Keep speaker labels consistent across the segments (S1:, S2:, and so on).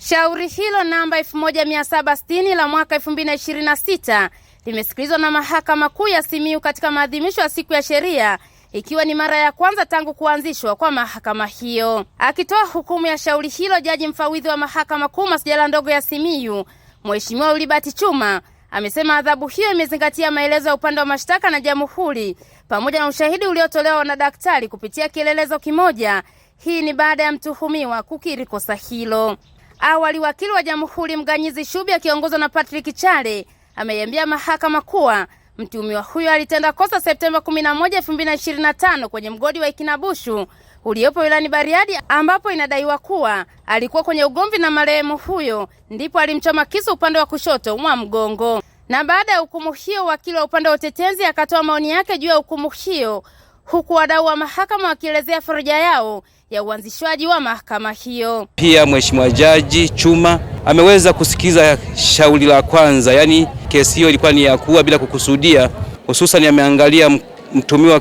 S1: Shauri hilo namba 1760 la mwaka 2026 limesikilizwa na mahakama kuu ya Simiyu katika maadhimisho ya siku ya sheria ikiwa ni mara ya kwanza tangu kuanzishwa kwa mahakama hiyo. Akitoa hukumu ya shauri hilo, jaji mfawidhi wa mahakama kuu masijala ndogo ya Simiyu Mheshimiwa Ulibati Chuma amesema adhabu hiyo imezingatia maelezo ya upande wa mashtaka na jamhuri pamoja na ushahidi uliotolewa na daktari kupitia kielelezo kimoja. Hii ni baada ya mtuhumiwa kukiri kosa hilo. Awali wakili wa jamhuri Mganyizi Shubi akiongozwa na Patrick Chale ameiambia mahakama kuwa mtuhumiwa huyo alitenda kosa Septemba 11, 2025 kwenye mgodi wa Ikinabushu uliopo wilani Bariadi ambapo inadaiwa kuwa alikuwa kwenye ugomvi na marehemu huyo, ndipo alimchoma kisu upande wa kushoto mwa mgongo. Na baada ya hukumu hiyo, wakili wa upande wa utetezi akatoa maoni yake juu ya hukumu hiyo huku wadau wa mahakama wakielezea faraja yao ya uanzishwaji wa mahakama hiyo.
S2: Pia Mheshimiwa Jaji Chuma ameweza kusikiza shauri la kwanza, yaani kesi hiyo ilikuwa ni ya kuua bila kukusudia, hususan ameangalia mtumiwa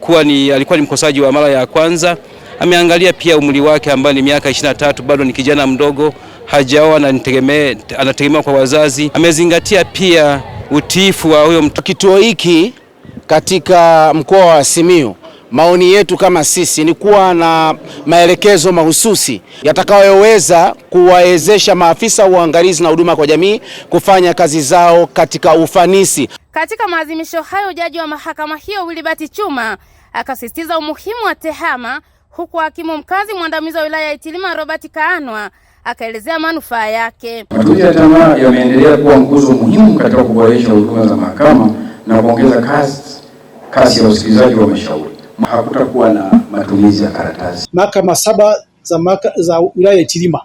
S2: kuwa ni alikuwa ni mkosaji wa mara ya kwanza. Ameangalia pia umri wake ambayo ni miaka 23, bado ni kijana mdogo, hajaoa na anategemewa kwa wazazi. Amezingatia pia utiifu wa huyo mtu. Kituo hiki katika mkoa wa Simiyu, maoni yetu kama sisi ni kuwa na maelekezo mahususi yatakayoweza kuwawezesha maafisa uangalizi na huduma kwa jamii kufanya kazi zao katika ufanisi.
S1: Katika maadhimisho hayo, jaji wa mahakama hiyo wilibati Chuma akasisitiza umuhimu wa tehama, huku hakimu mkazi mwandamizi wa wilaya ya Itilima Robert Kaanwa akaelezea manufaa yake.
S3: Matumizi ya tehama yameendelea kuwa nguzo muhimu katika kuboresha huduma za mahakama na kuongeza kazi kasi ya usikilizaji wa mashauri, hakutakuwa na matumizi ya karatasi.
S4: Mahakama saba za maka, za wilaya ya chilima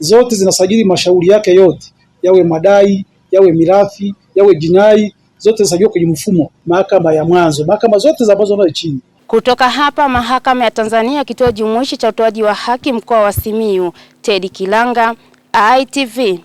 S4: zote zinasajili mashauri yake yote, yawe madai, yawe mirathi, yawe jinai, zote zinasajiliwa kwenye mfumo mahakama ya mwanzo, mahakama zote za mwanzo nayo chini
S1: kutoka hapa mahakama ya Tanzania, kituo jumuishi cha utoaji wa haki mkoa wa Simiyu, Teddy Kilanga, ITV.